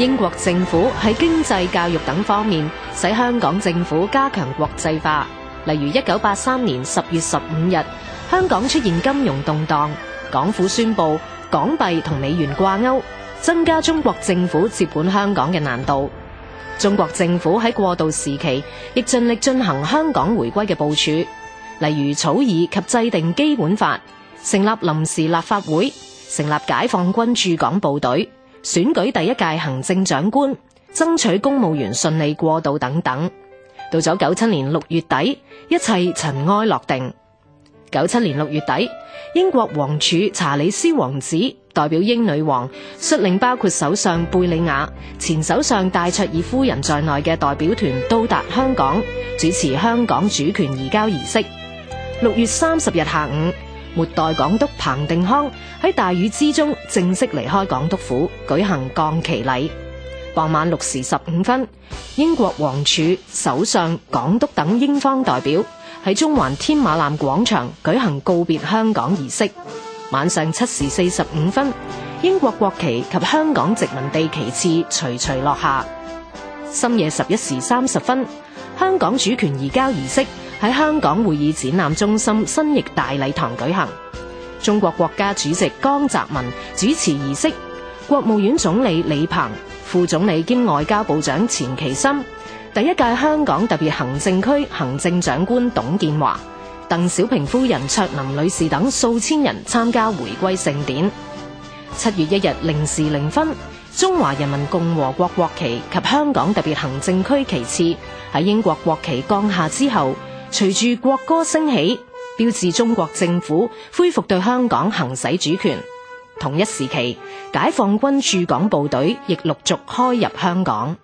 英國政府喺經濟、教育等方面，使香港政府加強國際化。例如，一九八三年十月十五日，香港出現金融動盪，港府宣布港幣同美元掛鈎，增加中國政府接管香港嘅難度。中國政府喺過渡時期，亦盡力進行香港回歸嘅部署，例如草擬及制定基本法，成立臨時立法會，成立解放軍駐港部隊。選舉第一屆行政長官，爭取公務員順利過渡等等。到咗九七年六月底，一切塵埃落定。九七年六月底，英國王儲查理斯王子代表英女王，率領包括首相貝利亞、前首相戴卓爾夫人在內嘅代表團，到達香港，主持香港主權移交儀式。六月三十日下午，末代港督彭定康喺大雨之中正式離開港督府，舉行降旗禮。傍晚六時十五分，英國王儲、首相、港督等英方代表喺中環添馬艦廣場舉行告別香港儀式。晚上七時四十五分，英國國旗及香港殖民地旗幟徐徐落下。深夜十一時三十分，香港主權移交儀式喺香港會議展覽中心新翼大禮堂舉行。中國國家主席江澤民主持儀式，國務院總理李鵬、副總理兼外交部長錢其琛、第一屆香港特別行政區行政長官董建華、鄧小平夫人卓琳女士等數千人參加回歸盛典。七月一日零時零分，中華人民共和國國旗及香港特別行政區旗幟喺英國國旗降下之後。隨住國歌升起，標誌中國政府恢復對香港行使主權。同一時期，解放軍駐港部隊亦陸續開入香港。